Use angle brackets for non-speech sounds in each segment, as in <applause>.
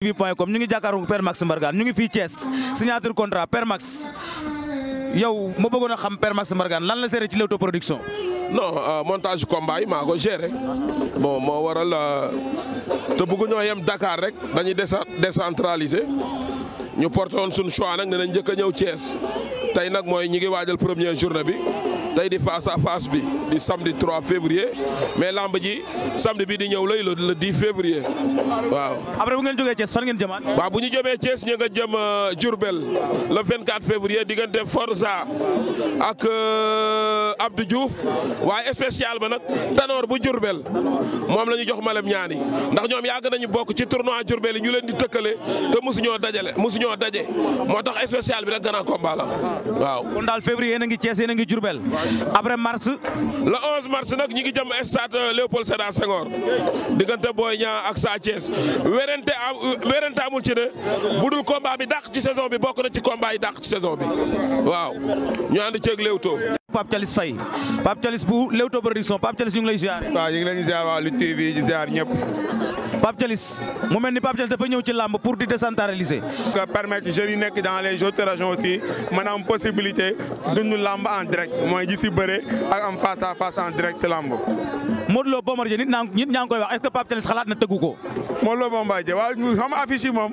tv point com ñu ngi jàkkaarloo Père Max Mbargane ñu ngi fii Thiès signature contrat Père Max yow ma bëggoon a xam Père Max Mbargane lan la seere ci Leewtoo production. non euh, montage combat yi maa ko géré bon moo waral euh, te bëgg ñoo yem Dakar rek dañuy décentraliser ñu porté on suñu choix nag ne njëkk a ñëw Thiès tey nag mooy ñu ngi waajal première journée bi. tey di face à face bi di samedi 3 février mais lamb ji samedi bi di ñëw lay la di février waaw. après bu ngeen jógee Thiès fan ngeen jëmaat. waaw bu ñu jëmee Thiès ñu nga jëm euh, Diourbel le 24 février diggante Forza ak euh, Abdou Diouf waaye spécial ba nag Tanor bu Diourbel moom la ñu jox Malem ñaani ndax ñoom yàgg nañu bokk ci tournoi Diourbel yi ñu leen di tëkkale te mosuñoo dajale mosuñoo daje moo tax spécial bi rek grand combat la waaw. kon daal février a ngi Thiès yéen a ngi Diourbel. après mars le 11 mars nag ñi ngi jam jëm stade euh, Léopold Sédar Senghor diggante Boy Niang ak Sa Thiès werente am euh, werente amul ci ne bu dul combat bi dàq ci saison bi bokk na ci combat yi dàq ci saison bi waaw ñu ànd ceeg Leewtoo Pape Thialis Faye Pape Thialis bu Leewtoo production Pape Thialis ñu ngi lay ziar. waaw ñu waa Lutte TV di ziar ñëpp. Pape mu mel ni Pape Thialis dafa ñëw ci làmb pour di décentraliser. nga permettre jeunes yi nekk dans les autres régions aussi mën a am possibilité dund làmb en direct mooy gis si bëre ak am face à face direct si làmb. Modou Lo Bombardier nit ñaa ngi koy wax est-ce que Pape na tëggu ko. Modou Lo Bombardier waaw xam affiche moom.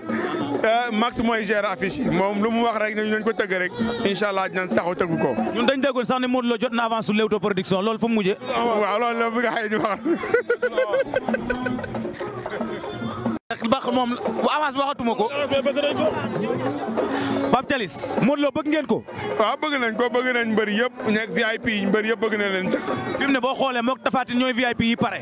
Euh, Max mooy gérer affiche yi moom lu mu wax rek ñu nañ ko tëgg rek incha allah dinañ taxaw tëgg ko. ñun dañ déggoon sax ni Modou jot na avance sur Leewtoo production loolu fu mu mujjee. waaw loolu la bu nga wax. moom bu avance waxatuma ko. Ah, Pape Thialis Modou Lo bëgg ngeen ko. waaw bëgg nañ ko bëgg nañ mbër yëpp nekk VIP yi mbër yëpp bëgg na leen tëgg. ne boo xoolee moog tafaati ñooy VIP yi pare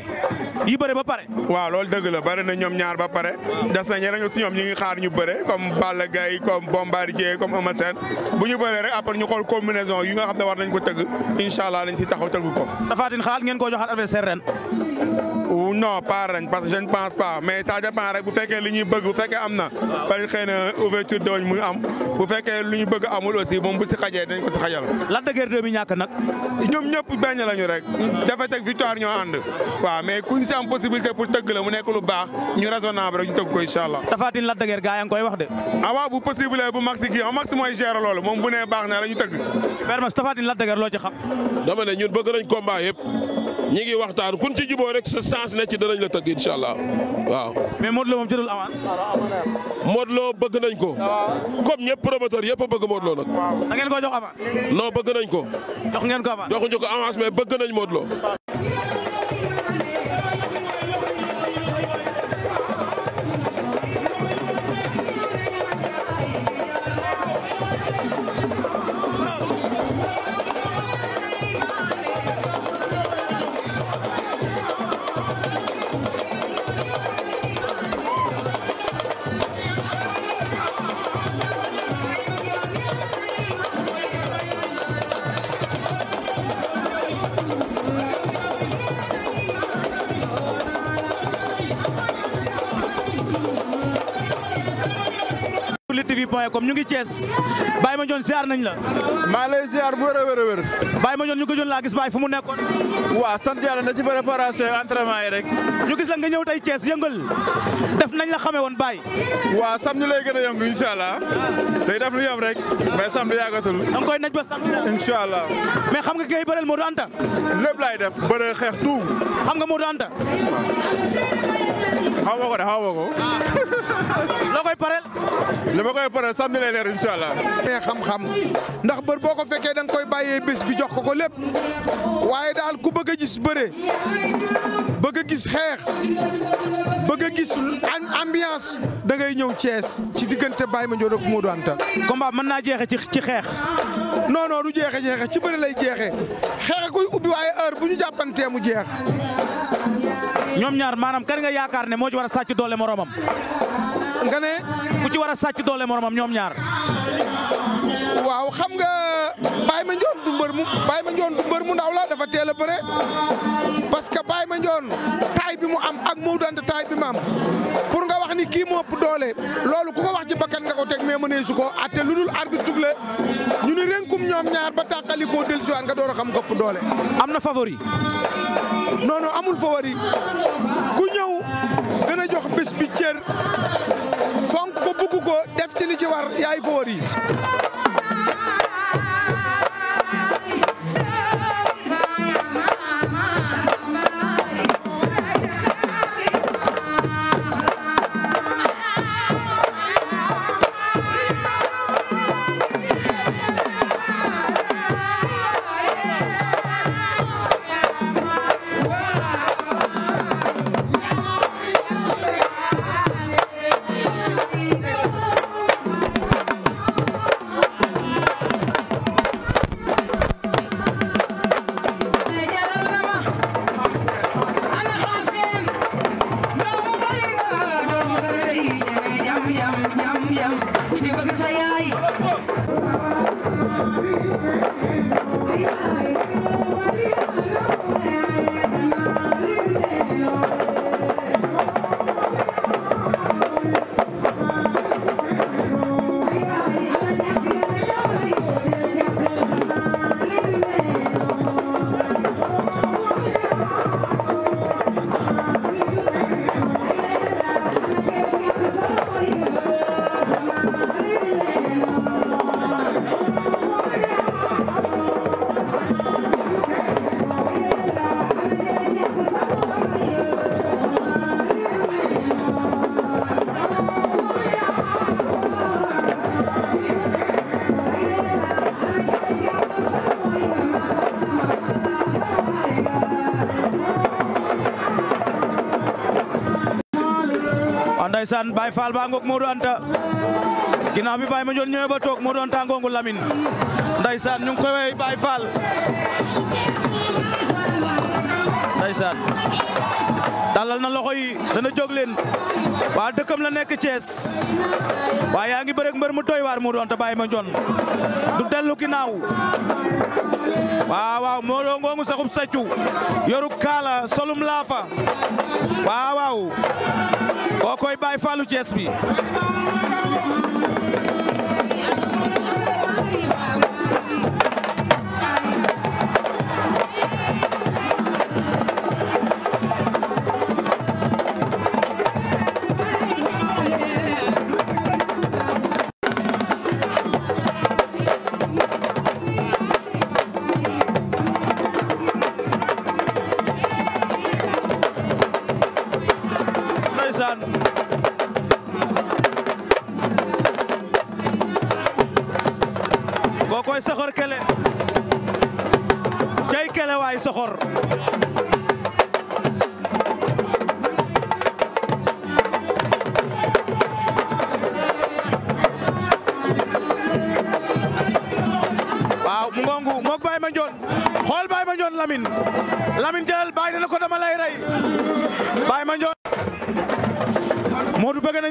yi bëre ba pare. waaw loolu dëgg la bëri na ñoom ñaar ba pare des na ñeneen si ñoom ñu xaar ñu bëre comme Balla Gaye comme Bombardier comme Eumeu Sène bu ñu bëree rek après ñu xool combinaison yi nga xam ne war nañ ko tëgg incha allah dañ si taxaw tëgg ko. tafaatin xalaat ngeen koo joxaat adversaire ren non pas ren parce que rek bu fekkee li ñuy bëgg bu fekkee am na. parce que xëy na ouverture dooñ mu am bu fekkee lu ñu bëgg amul aussi moom bu si xajee dañ ko si xajal. lan la guerre bi ñàkk nag. ñoom ñëpp benn lañu rek. dafa teg victoire ñoo ànd. waaw mais kuñ si am possibilité pour tëgg la mu nekk lu baax ñu raisonnable rek ñu tëgg ko incha allah. Tafatin lan la guerre gaa yaa koy wax de. ah waaw bu possible bu max kii am max mooy gérer loolu moom bu nee baax na la ñu tëgg. Père Max Tafatin ñi ngi waxtaan kun ci juboo rek sa chance ne ci danañ la tëgg incha allah waaw. mais Modou Lo moom jëlul avance. Modou Lo bëgg nañ ko. comme ñëpp promoteur yëpp a bëgg Modou Lo nag. da ngeen ko jox avance. bëgg nañ ko. jox ngeen ko avance joxuñu ko avance bëgg nañ Modou Lo. tv point com ñu ngi Thiès Baye Mandione ziar nañ la lay ziar bu wér a wér a wér Baye Mandione ñu gëjoon laa la nga ñëw tey Thiès yëngal def nañ la xamee woon Baye waaw rek mais samedi yàggatul da nga koy naj ba samedi la incha allah mais xam nga ngay bëreel Modou Anta lépp laay def bëre xeex tout xam nga Modou Anta xaw ma de xaw ma loo koy pareel. ma koy pareel samedi lay leer ndax bër boo ko fekkee da nga koy bàyyee bés bi jox ko ko lépp waaye daal ku bëgg a gis bëre bëgg a gis bëgg a gis da ngay ñëw Thiès ci diggante Baye Mandione ak Modou Anta. combat mën naa jeexe ci ci xeex. non non du jeexe jeexe ci bëri lay jeexe xeex kuy ubbi waaye heure bu ñu jàppantee mu jeex. ñoom ñaar maanaam kan nga yaakaar ne moo ci war a sàcc doole moroomam nga ne. ku ci war a sàcc doole moromam ñoom ñaar. waaw xam nga Baye Mandione du mbër mu Baye Mandione du mbër mu ndaw la dafa teel a bëre parce que Baye Mandione taay bi mu am ak moo Anta taay bi mu am pour nga wax ni kii moo ëpp doole loolu ku ko wax ci bakkan nga ko teg mais mënee su ko atte lu dul arbitre la ñu ni renkum ñoom ñaar ba tàqali koo dellusiwaat nga door a xam këpp doole. am na favori. noonu non amul favori ku ñëw gën a jox bés bi cër. fonk ko bugg ko def ci li ci war ndeysaan Baye Fall baa ngoog Modou Anta ginnaaw bi Baye ma joon ñëwee ba toog Modou Anta ngoogu Lamine ndeysaan ñu ngi koy wey Baye Fall ndeysaan dalal na loxo yi dana jóg leen waa dëkkam la nekk Thiès waa yaa ngi bërek mbër mu doy waar Modou Anta Baye Mandione du dellu ginnaaw waaw waaw Modou ngoongu saxub saccu yoru kaala solum laafa waaw waaw kookoy Baye Fallou Thiès bi ay soxor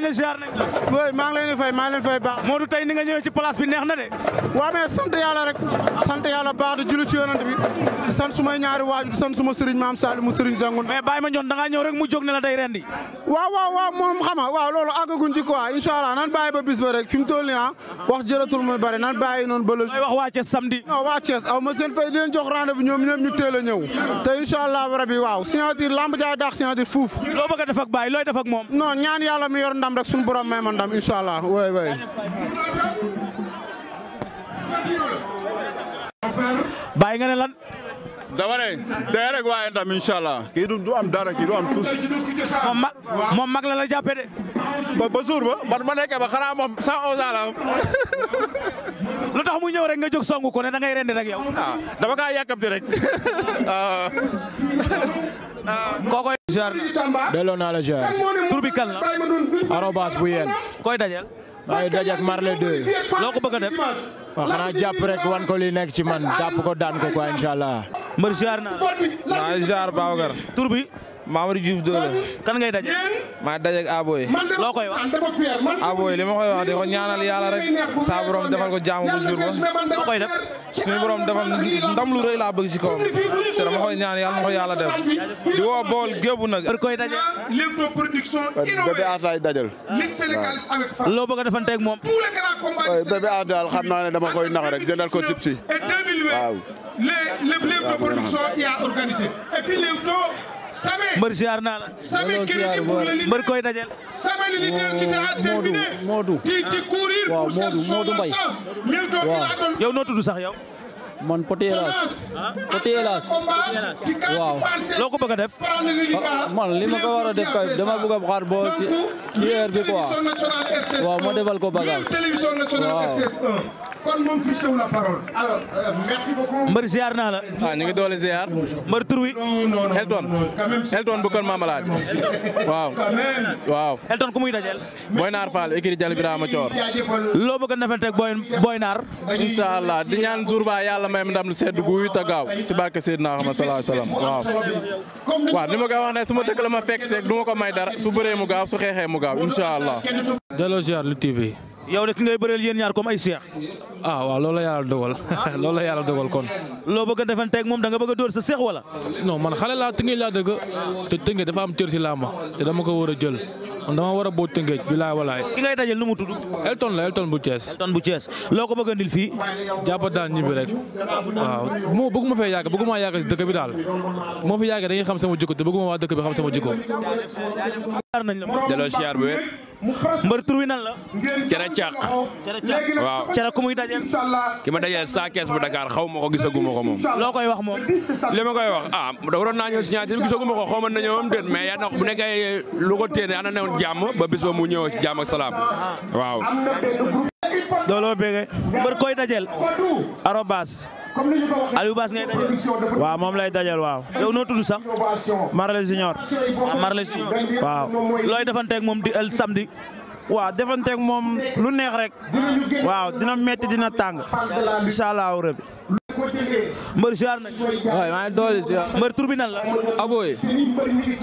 Kanja ziar nañ la. booy maa ngi leen di fay maa ngi leen di fay baax. Modou tey ni nga ñëwee ci place bi neex na de. waaw mais sant yàlla rek sant yàlla baax di julli ci yonent bi di sant sumay ñaari waaju di sant suma sëriñ maam Salim mu sëriñ Zangun. mais Baye Mandione da ngaa ñëw rek mu jóg ne la day rendi. waaw waaw moom xam nga loolu àggaguñ ci quoi incha allah nan bàyyi ba bis rek fi mu ah, wax jërëtul muy bari nan bàyyi noonu ba la. wax waa Thiès samedi. non waa Thiès aw ma seen fay di leen a a kanam rek suñu borom may ma ndam incha allah waay bàyyi nga ne lan. dama ne tey rek waaye ndam incha allah du am dara kii am tus. moom mag moom mag la la de. ba ba ba man ma nekkee ba xanaa moom cent onze ans la am. lu mu ñëw rek nga jóg songu ko ne da ngay rendi rek yow. Ah, kaa yàkkamti rek. <laughs> Ah. kooko ziar naa delloo naa la ziar tur bu yeen. koy dajal. maa ngi daje Marley 2. loo ko bëgg a def. waaw xanaa rek wan ko li nekk ci man jàpp ko daan ko quoi incha allah. mbër naa la. maa ngi ziar Babacar. Mamadou Diouf Dóola. kan ngay daje. maa dajeeg Aboy. loo koy wax. Aboy li ma koy wax de ko ñaanal yàlla rek saa borom defal ko jaamu bu jour ba. loo koy def. suñu borom defal ndam lu rëy laa bëgg si kawam te dama koy ñaan yàlla ma yàlla def. di woo bool gébu nag. kër koy daje. bébé aar laay dajal. waaw. loo bëgg a defanteeg moom. bébé aar daal xam naa ne dama koy nax rek jëndal ko sipsi waaw. lépp mbër ziar naa la. mbër koy dajel. Modou Modou. waaw Modou Modou Mbaye. waaw yow noo tudd sax yow. man Petit Elas. Petit Elas. waaw. loo ko bëgg a def. man li ma ko war a def kay dama bëgg a xaar boo ci ci heure bi waaw ma defal ko bagage waaw. kon euh, naa la. waaw ah, ñu ngi doole ziar. mbër tur Elton Elton bu kon Mamalade. <laughs> waaw. Elton ku muy dajel. Boy Naar Fall écrit Jal Birama Thior. loo bëgg a nafante ak Boy di ñaan jour ba yàlla. yàlla may ndam lu sedd guuy te gaaw si barke Seydina Ahmad sallallahu alayhi wasallam waaw waaw ni ma koy wax ne su ma dëkk la ma fekk seeg du ma ko may dara su bëree mu gaaw su xeexee mu gaaw incha allah. Delloo ziar Lutte TV yow de ki ngay bëreel yéen ñaar comme ay seex. ah waaw loolu la yàlla dogal <laughs> loolu la yàlla dogal kon. loo bëgg a defanteeg moom da nga bëgg a dóor sa seex wala. non man xale laa tëngéej laa dëgg te tëngéej dafa am cër si làmb te dama ko war a jël man dama war a boo tëngéej bi laay walaay. ki ngay dajal nu mu tudd. Elton la Elton bu Thiès. Elton bu Thiès loo ko bëgg a ndil fii. jàpp daan ñibbi rek waaw mu bëgguma fee yàgg bëgguma yàgg dëkk bi daal moo fi yàgg dañuy xam sama jikko te bëgguma waa dëkk bi xam sama jikko. mbër tur wi nan la. cere caq. cere caq waaw cere ku muy dajeel. ki ma dajeel saa kees bu Dakar xaw ma ko gisaguma ko moom. loo koy wax moom. li ma koy wax a ah waroon naa ñëw si ñaar gisaguma ko xaw ma na ñëwam déet mais yaa na bu nekkee lu ko téene ana newoon jàmm ba bis ba mu ñëw si jàmm ak salaam ah. waaw. Dolo Bégué. mbër koy dajel. Arobas. Aliou Bass ngay dajel. waaw moom lay dajel waaw. yow noo tudd sax. Marley Junior. ah Marley Junior. waaw looy defanteeg moom di el samedi. waaw defanteeg moom lu neex rek. waaw dina metti dina tàng. incha allahu rabi. mbër ziar doole ziar. mbër tur la. Aboy.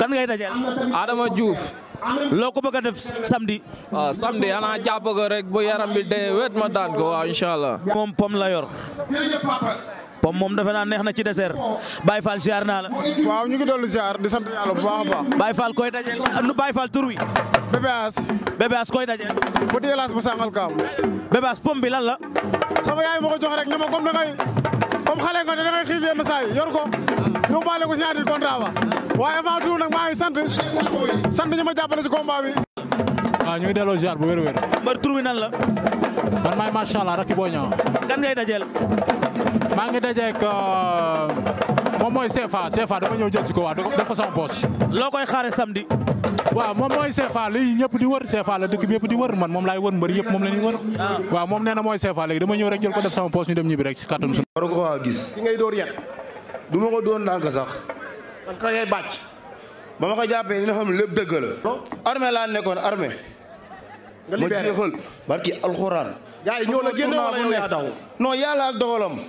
ngay dajel. Adama Diouf. loo ko bëgg def samedi. waaw ah, samedi ana jàpp rek bu yaram bi dee wet ma daan ko waaw incha moom pom la yor. pom moom defe naa neex na ci dessert Baye Fall ziar naa la. waaw ñu ngi dolli ziar di sant yàlla bu baax a baax. Baye Fall koy daje ah, Baye Fall tur wi. Bébé koy daje. bu dee laas bu sàngal kaam. Bébé pom bi lan la. sama yaay ma ko jox rek ne ma comme dangay comme xale nga dangay xiif yenn saa yi yor ko. ko si ñaari contrat ba. waaye avant tout nag maa ngi sant sant ñi ma jàppale ci combat bi. waaw ah, ñu ngi delloo ziar bu wér-wér. mbër tur wi nan la. man maay macha allah rakki boo ñëw. kan ngay dajeel. maa ngi dajeeg euh, moom mooy CFA CFA dama ñëw jël ko waa def ko sama poche. loo koy xaare samedi. waaw moom mooy CFA li ñëpp di wër CFA la dëkk bi yëpp di wër man moom laay wër mbër yëpp moom la ñuy wër. Ah. waaw moom nee na mooy CFA léegi dama ñëw rek jël ko def sama poche ñu dem ñibbi rek si kàttanu du ma ko doon ndànk sax. man ko ba ma ko jàppee li nga xam lépp dëgg la armée laa nekkoon armée nga alxuraan gaa yi ñoo la daw non yàlla ak dogalam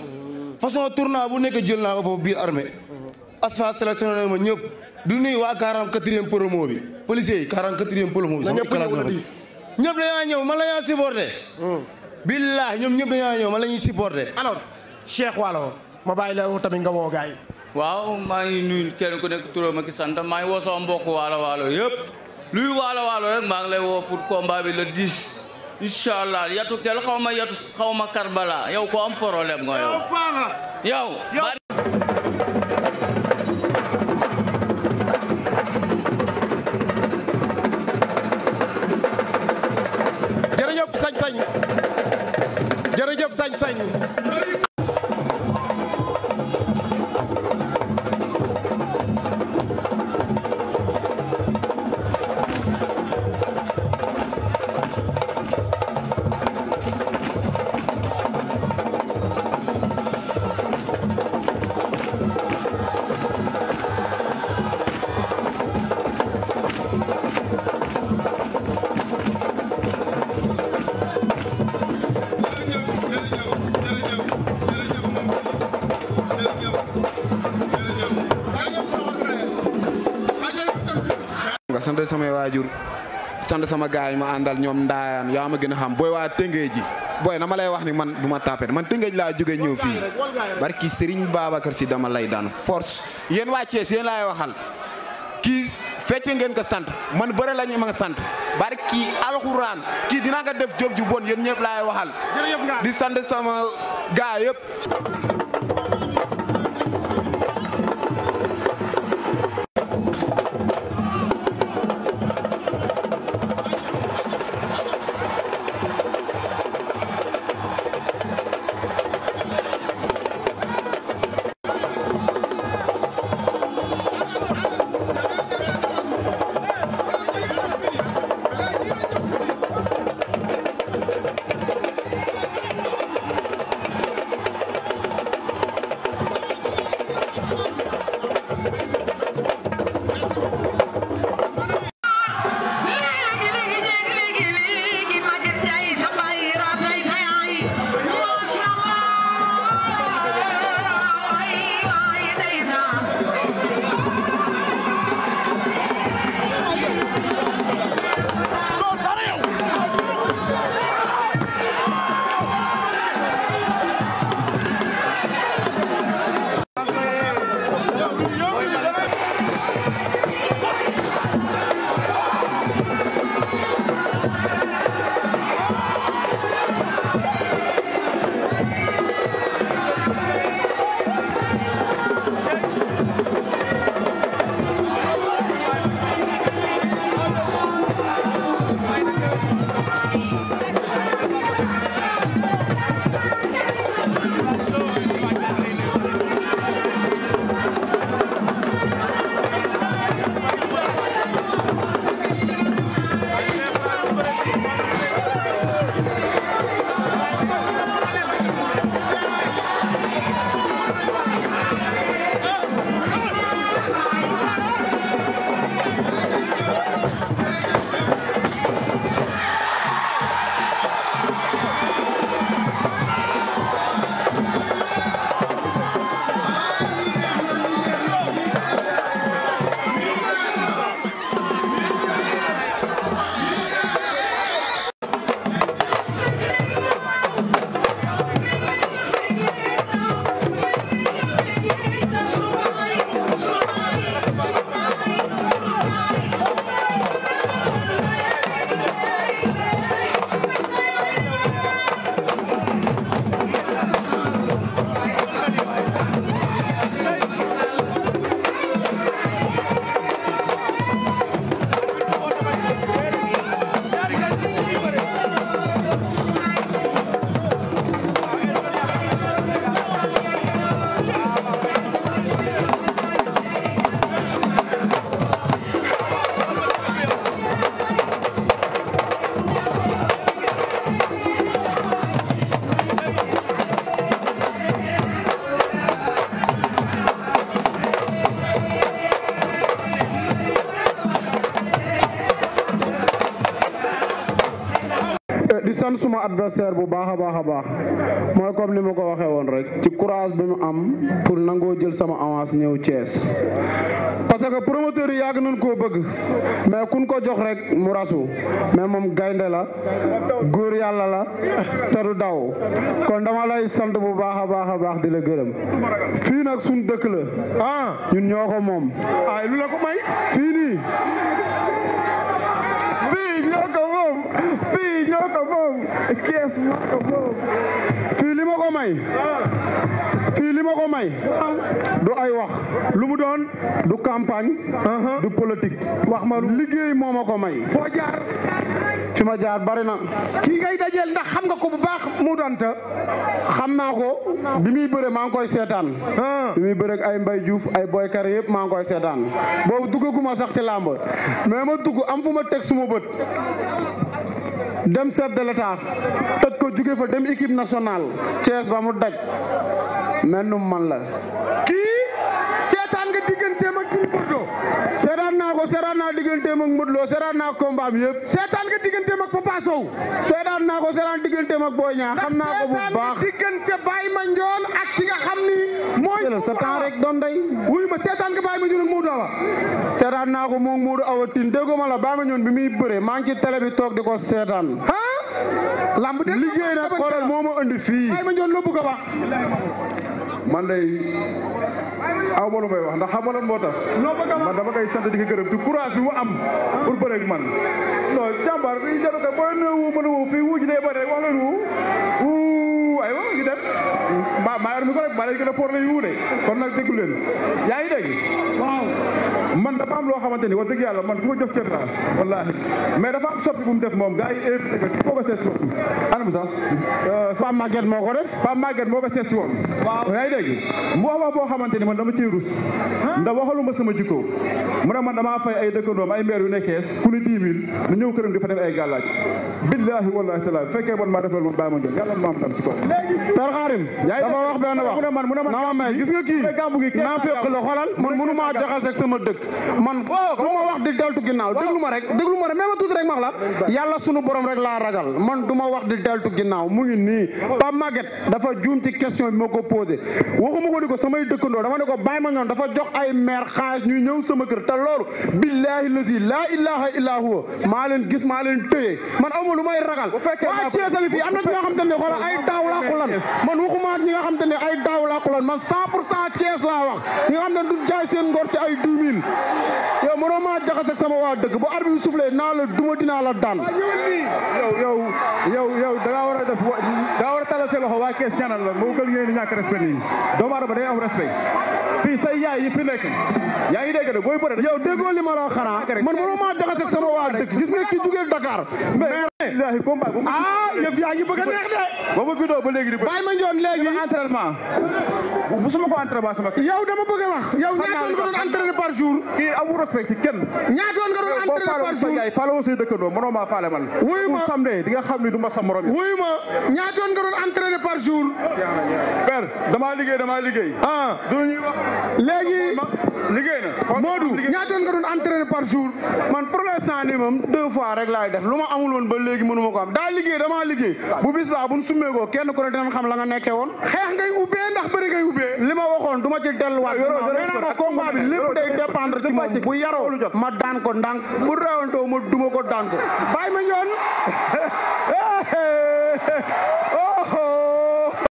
façon tournant bu nekk jël naa foofu biir armée asfa sélectionné na ma ñëpp du nuyu waa 44e promo bi policiers yi 44e bi sama classe ñëpp dañaa ñëw man la ñaa supporté billaah ñoom ñëpp dañaa ñëw man la ñuy supporté hmm. alors Cheikh Walo ma bàyyi la tamit nga woo waaw maa ngi kenn ku nekk turam ak sant maa ngi woo mbokk waalo waalo yëpp luy waalo waalo rek maa ngi lay woo pour combat bi le 10 incha allah yatu kel xaw ma yatu xaw ma karbala yow ko am problème nga yow yow sañ-sañ jërëjëf sañ-sañ waajur sant sama gars yi ma àndal ñoom ndaayaan yaa a gën a xam booy waa tëngéej ji booy na ma lay wax ni man du ma tapet man tëngéej a jóge ñëw fii barki Serigne Babacar si dama lay daan force yéen waa Thiès yéen laay waxal kii fecce ngeen ko sant man bëre la ñu ma sant barki alxuraan kii dinaa ko def job ju bon yéen ñëpp laay waxal di sant sama gars yëpp sant suma adversaire bu baax a baax a baax mooy comme ni ma ko waxee woon rek ci courage bi mu am pour nangoo jël sama avance ñëw cees parce que promoteur yi yàgg nañ koo bëgg mais kun ko jox rek mu rasu mais moom gaynde la góor yàlla la te du daw kon dama lay sant bu baax a baax a baax di la gërëm fii nag suñ dëkk la ah ñun ñoo ko moom fii nii ñoo ko moom ñoo ko ko li ma ko may fii li ma ko may du ay wax lu mu doon du campagne uh-huh. du politique wax ma lu liggéey moo ma ko may foo fi ma jaar bari na kii ngay dajeel ndax xam nga ko bu baax mu donta xam naa ko bi muy bëre maa koy seetaan uh-huh. bi muy bëre ay Mbay Juuf ay boykar yëpp maa ngi koy seetaan boobu duggaguma sax ci làmb mais ma dugg am fu ma teg suma bët dem chef de l'état toj ko jóge fa dem équipe nationale Thiès ba mu daj mel man la kii seetaan nga digganteem ak Gris Bordeaux seetaan naa ko seetaan naa digganteem ak Modou Lo seetaan naa combat am yëpp seetaan nga digganteem ak Papa seetaan naa ko seetaan diggante ak Boy Niang xam naa ko bu baax diggante Baye Mandione jëlal sa temps rek doon day wuyu ma seetaan nga bàyyi ma ñun Modou Awa seetaan naa ko moom Modou Awa tin déggu ma la bàyyi ma ñun bi muy bëre maa ngi ci télé bi toog di ko seetaan ah lamb de na xoolal moo ma indi fii bàyyi man lay aw ma lu may wax ndax xam nga moo tax. man dama koy sant di ko gërëm di courage bi mu am. pour bëreeg man. non jàmbaar bi jarul ko booy nuyu mën a woo fii wuu ji day bëri wax leen wuu wuu aywa ngi dem. maa maa mi ko rek maa leen gën a porté yu de kon nag déglu leen yaa ngi dégg. waaw man dafa am loo xamante ni wax dëgg yàlla man ku ma jox cër laa wallaahi mais dafa am soppi bu mu def moom gars yi invité ko kii foo ko anam sax. Pape Maguette moo ko def. moo ko seet woon. dégg mu wax wax boo xamante ni man dama cee rus ndax waxaluma sama jikko mu ne man damaa fay ay dëkkandoom ay maire a nekkees ku ne dix mille mu ñëw këram a fa def ay gàllaaj billaahi wallaahi taala fekkee bon maa def loolu man bàyyi ma jël yàlla maam tam si ko Père Khadim dafa wax benn wax mu ne man mu ne man naa may gis nga fekk la xoolal man mënu maa jaxase sama dëkk man lu wax di deltu ginnaaw déglu ma rek déglu ma tuuti rek max la yàlla sunu borom rek laa ragal man du wax di deltu ginnaaw mu ngi nii waxuma ko ni ko samay dëkkandoo dama ne ko baay ma ñoon dafa jox ay maire xaalis ñuy ñëw sama kër te loolu billaahi lasi laa ilaha illa maa leen gis maa leen téye man awma lu may ragal waa Thiès a ngi fii am na ñoo xam te ne xoolal ay daaw laa ko man man maa ñi nga xam te ne ay daaw laa ko lan man cent pour cent Thiès laa wax nga xam ne du jaay seen ngor ci ay dix mille yow mënoo maa jaxase sama waa dëkk bu arbi bi soufflé naa la duma dinaa la daan yow yow yow war a def da ngaa war waa Thiès ñaanal la moo gën doomu aadama day am respect fii say yaay yi fi nekk yaa ngi dégg de booy bëre yow déggoo li ma la xanaa man mënoo maa jaxase sama waa dëkk gis nga ki jugee Dakar ah yëf yaa ngi bëgg a neex de. ba ma juddoo ba léegi di bëri. bàyyi ma njoon léegi entraînement. bu su ma ko entraînement sama. yow a par jour. kii amul respect ci nga doon entraîné par xam ni du sa morom. wuyu ma ñaata nga doon par jour. ber damaa liggéey damaa liggéey. ah du ñuy wax léegi. liggéey na Modou ñaata nga doon entraîné par jour man pour l'instant nii moom deux fois rek laay def lu ma amul woon ba léegi mënu ma ko am daa liggéey damaa liggéey bu bis baa bu ñu summeekoo kenn ku ne dinañ xam la nga nekkee woon xeex ngay ubbee ndax bëri ngay ubbee li ma waxoon du ma ci delluwaat nee naa ma combat bi lépp day dépendre ci moom bu yaroo ma daan ko ndànk bu reewantoo ma duma ko daan ko bàyyi ma ñoon <laughs>